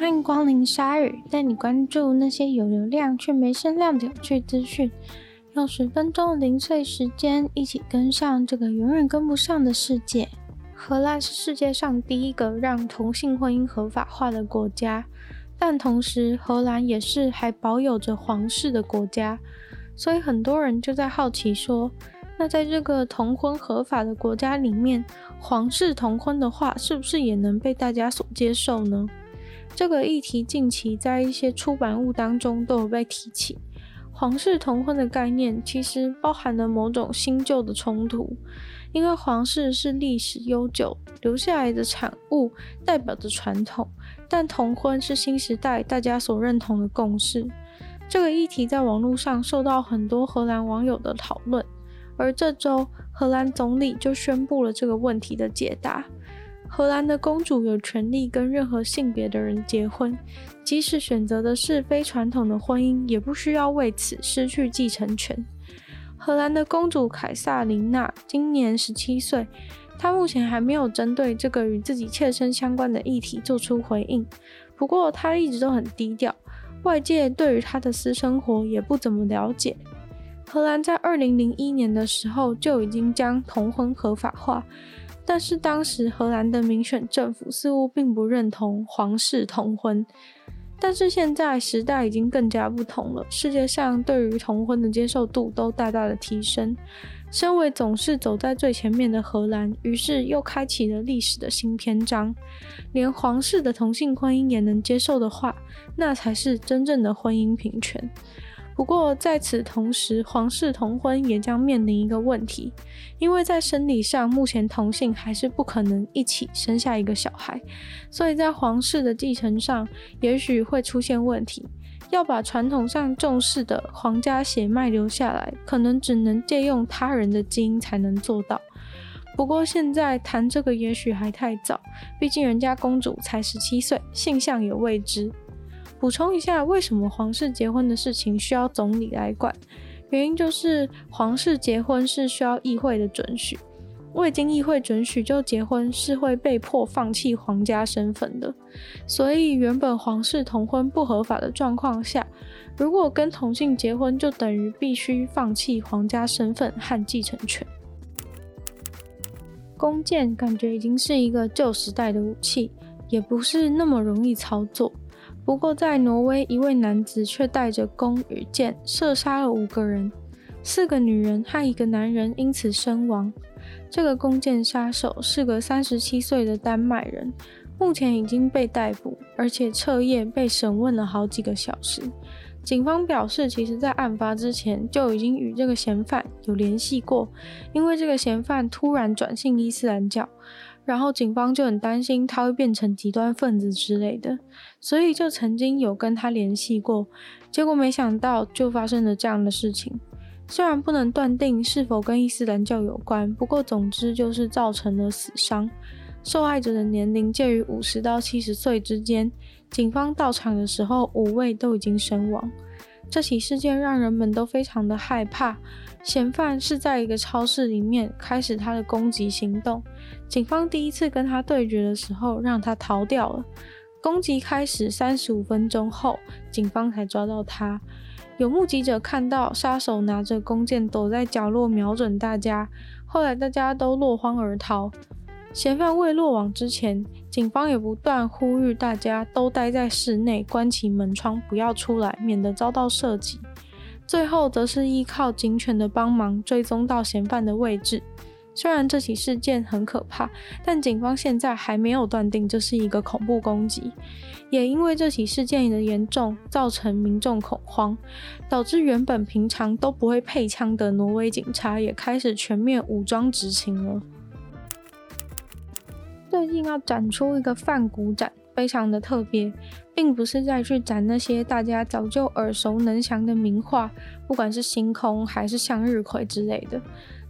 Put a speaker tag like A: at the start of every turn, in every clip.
A: 歡迎光臨鯊語，帶你關注那些有流量卻沒聲量的有趣資訊。用十分鐘的零碎時間，一起跟上這個永遠跟不上的世界。荷蘭是世界上第一個讓同性婚姻合法化的國家，但同時荷蘭也是還保有着皇室的國家，所以很多人就在好奇說：那在這個同婚合法的國家裡面，皇室同婚的話，是不是也能被大家所接受呢？這個議題近期在一些出版物當中都有被提起。皇室同婚的概念其實包含了某種新舊的衝突，因為皇室是歷史悠久留下來的產物，代表着傳統，但同婚是新時代大家所認同的共識。這個議題在網絡上受到很多荷蘭網友的討論，而這周荷蘭總理就宣布了這個問題的解答。荷蘭的公主有權利跟任何性別的人結婚，即使選擇的是非傳統的婚姻，也不需要為此失去繼承權。荷蘭的公主凱撒琳娜今年十七歲，她目前還沒有針對這個與自己切身相關的議題做出回應。不過她一直都很低調，外界對於她的私生活也不怎麼了解。荷蘭在二零零一年的時候就已經將同婚合法化。但是當時荷蘭的民選政府似乎並不認同皇室同婚，但是現在時代已經更加不同了，世界上對於同婚的接受度都大大的提升。身為總是走在最前面的荷蘭，於是又開啟了歷史的新篇章。連皇室的同性婚姻也能接受的話，那才是真正的婚姻平權。不過在此同時，皇室同婚也將面臨一個問題，因為在生理上，目前同性還是不可能一起生下一個小孩，所以在皇室的繼承上，也許會出現問題。要把傳統上重視的皇家血脈留下來，可能只能借用他人的基因才能做到。不過現在談這個也許還太早，畢竟人家公主才十七歲，性向也未知。補充一下，為什麼皇室結婚的事情需要總理來管？原因就是皇室結婚是需要議會的准許，未經議會准許就結婚是會被迫放棄皇家身份的。所以，原本皇室同婚不合法的狀況下，如果跟同性結婚，就等於必須放棄皇家身份和繼承權。弓箭感覺已經是一個舊時代的武器，也不是那麼容易操作。不過，在挪威，一位男子卻帶着弓與箭射殺了五個人，四個女人和一個男人因此身亡。這個弓箭殺手是個三十七歲的丹麥人，目前已經被逮捕，而且徹夜被審問了好幾個小時。警方表示，其實在案發之前就已經與這個嫌犯有聯繫過，因為這個嫌犯突然轉信伊斯蘭教。然後警方就很擔心他會變成極端分子之類的，所以就曾經有跟他聯繫過，結果沒想到就發生了這樣的事情。雖然不能斷定是否跟伊斯蘭教有關，不過總之就是造成了死傷，受害者的年齡介於五十到七十歲之間。警方到場的時候，五位都已經身亡。這起事件讓人們都非常的害怕。嫌犯是在一個超市裡面開始他的攻擊行動。警方第一次跟他對決的時候，讓他逃掉了。攻擊開始三十五分鐘後，警方才抓到他。有目擊者看到殺手拿着弓箭躲在角落瞄準大家。後來大家都落荒而逃。嫌犯未落網之前，警方也不斷呼籲大家都待在室內，關起門窗，不要出來，免得遭到射擊。最後，則是依靠警犬的幫忙追蹤到嫌犯的位置。雖然這起事件很可怕，但警方現在還沒有斷定這是一個恐怖攻擊。也因為這起事件的嚴重，造成民眾恐慌，導致原本平常都不會配槍的挪威警察也開始全面武裝執勤了。最近要展出一個梵谷展，非常的特別，並不是再去展那些大家早就耳熟能詳的名畫，不管是星空還是向日葵之類的。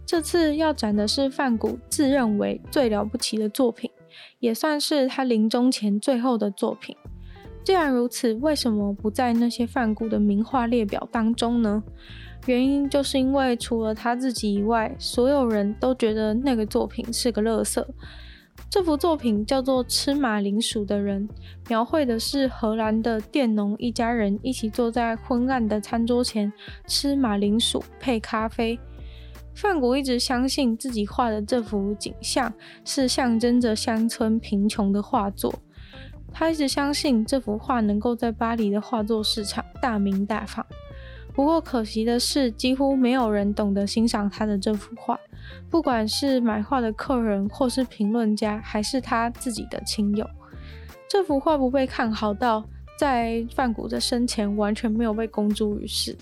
A: 這次要展的是梵谷自認為最了不起的作品，也算是他臨終前最後的作品。既然如此，為什麼不在那些梵谷的名畫列表當中呢？原因就是因為除了他自己以外，所有人都覺得那個作品是個垃圾。這幅作品叫做《吃馬鈴薯的人》，描繪的是荷蘭的佃農一家人一起坐在昏暗的餐桌前吃馬鈴薯配咖啡。梵谷一直相信自己畫的這幅景象是象徵着鄉村貧窮的畫作，他一直相信這幅畫能夠在巴黎的畫作市場大鳴大放。不過可惜的是，幾乎沒有人懂得欣賞他的這幅畫，不管是買畫的客人，或是評論家，還是他自己的親友。這幅畫不被看好到，在梵谷的生前完全沒有被公諸於世，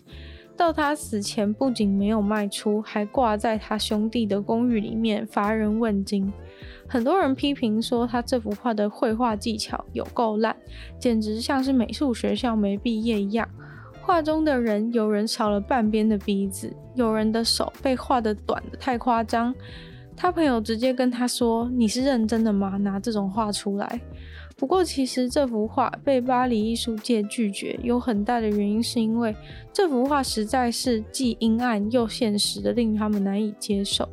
A: 到他死前不僅沒有賣出，還掛在他兄弟的公寓裡面，乏人問津。很多人批評說他這幅畫的繪畫技巧有夠爛，簡直像是美術學校沒畢業一樣。畫中的人，有人少了半邊的鼻子，有人的手被畫的短的太誇張。他朋友直接跟他說：“你是認真的嗎？拿這種畫出來。”不過，其實這幅畫被巴黎藝術界拒絕，有很大的原因，是因為這幅畫實在是既陰暗又現實的，令他們難以接受。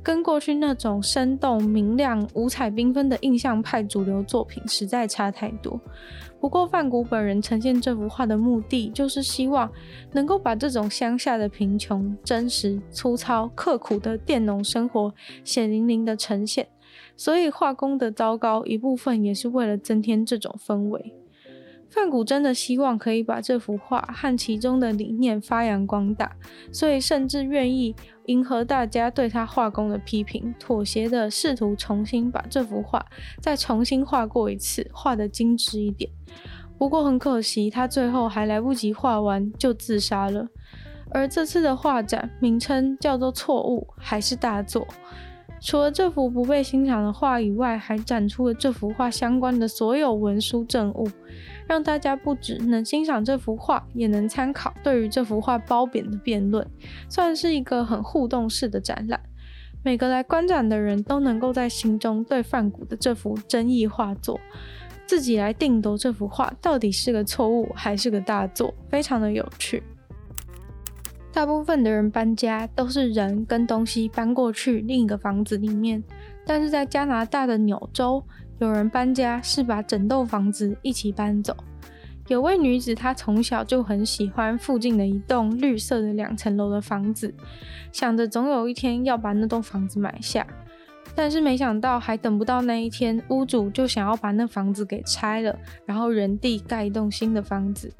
A: 跟過去那種生動、明亮、五彩繽紛的印象派主流作品實在差太多。不過，梵谷本人呈現這幅畫的目的，就是希望能夠把這種鄉下的貧窮、真實、粗糙、刻苦的佃農生活，血淋淋的呈現。所以畫工的糟糕，一部分也是為了增添這種氛圍。梵谷真的希望可以把這幅畫和其中的理念發揚光大，所以甚至願意迎合大家對他畫工的批評，妥協地試圖重新把這幅畫再重新畫過一次，畫得精緻一點。不過很可惜，他最後還來不及畫完就自殺了。而這次的畫展名稱叫做《錯誤還是大作》。除了這幅不被欣賞的畫以外，還展出了這幅畫相關的所有文書證物，讓大家不止能欣賞這幅畫，也能參考對於這幅畫褒貶的辯論，算是一個很互動式的展覽。每個來觀展的人都能夠在心中對梵谷的這幅爭議畫作，自己來定奪這幅畫到底是個錯誤還是個大作，非常的有趣。大部分的人搬家都是人跟東西搬過去另一個房子裡面，但是在加拿大的紐州，有人搬家是把整棟房子一起搬走。有位女子，她從小就很喜歡附近的一棟綠色的兩層樓的房子，想着總有一天要把那棟房子買下。但是沒想到還等不到那一天，屋主就想要把那房子給拆了，然後原地蓋一棟新的房子。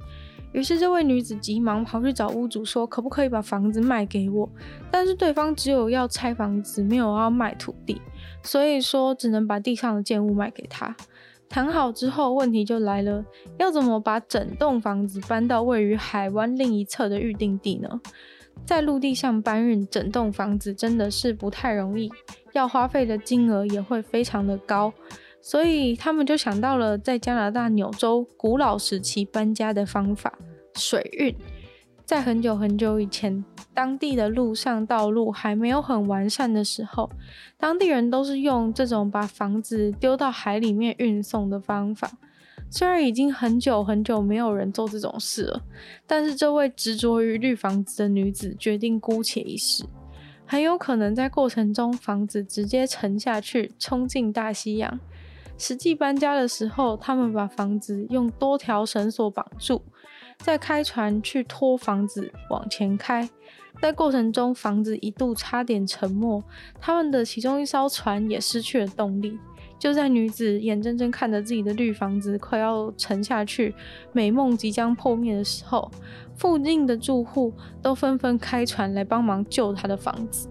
A: 於是，這位女子急忙跑去找屋主，說可不可以把房子賣給我？但是對方只有要拆房子，沒有要賣土地，所以說只能把地上的建物賣給他。談好之後，問題就來了：要怎麼把整棟房子搬到位於海灣另一側的預定地呢？在陸地上搬運整棟房子真的是不太容易，要花費的金額也會非常的高。所以他們就想到了在加拿大紐州古老時期搬家的方法——水運。在很久很久以前，當地的陸上道路還沒有很完善的時候，當地人都是用這種把房子丟到海裡面運送的方法。雖然已經很久很久沒有人做這種事了，但是這位執着於綠房子的女子決定姑且一試。很有可能在過程中房子直接沉下去，衝進大西洋。實際搬家的時候，他們把房子用多條繩索綁住，再開船去拖房子往前開。在過程中，房子一度差點沉沒，他們的其中一艘船也失去了動力。就在女子眼睜睜看着自己的綠房子快要沉下去，美夢即將破滅的時候，附近的住戶都紛紛開船來幫忙救她的房子。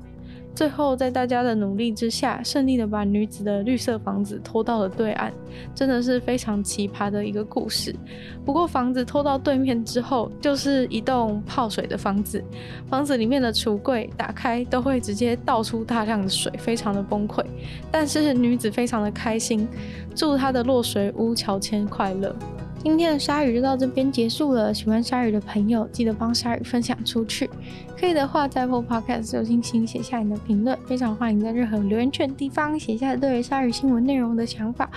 A: 最後，在大家的努力之下，順利的把女子的綠色房子拖到了對岸，真的是非常奇葩的一個故事。不過，房子拖到對面之後，就是一棟泡水的房子，房子裡面的櫥櫃打開都會直接倒出大量的水，非常的崩潰。但是，女子非常的開心，祝她的落水屋喬遷快樂。今天的鯊魚就到這邊結束了。喜歡鯊魚的朋友，記得幫鯊魚分享出去。可以的話，在後 podcast 就精心寫下你的評論。非常歡迎在任何留言區地方寫下對鯊魚新聞內容的想法，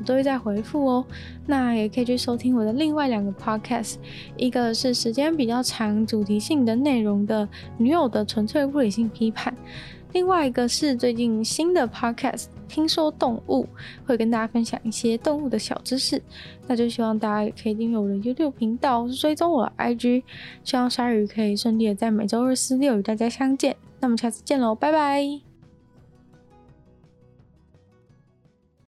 A: 我都會再回復哦。那也可以去收聽我的另外兩個 podcast，一個是時間比較長、主題性的內容的女友的純粹不理性批判，另外一個是最近新的 podcast。聽說動物會跟大家分享一些動物的小知識，那就希望大家也可以訂閱我的 YouTube 頻道，追蹤我的 IG。希望鯊魚可以順利的在每周二、四、六與大家相見。那我們下次見嘍，拜拜。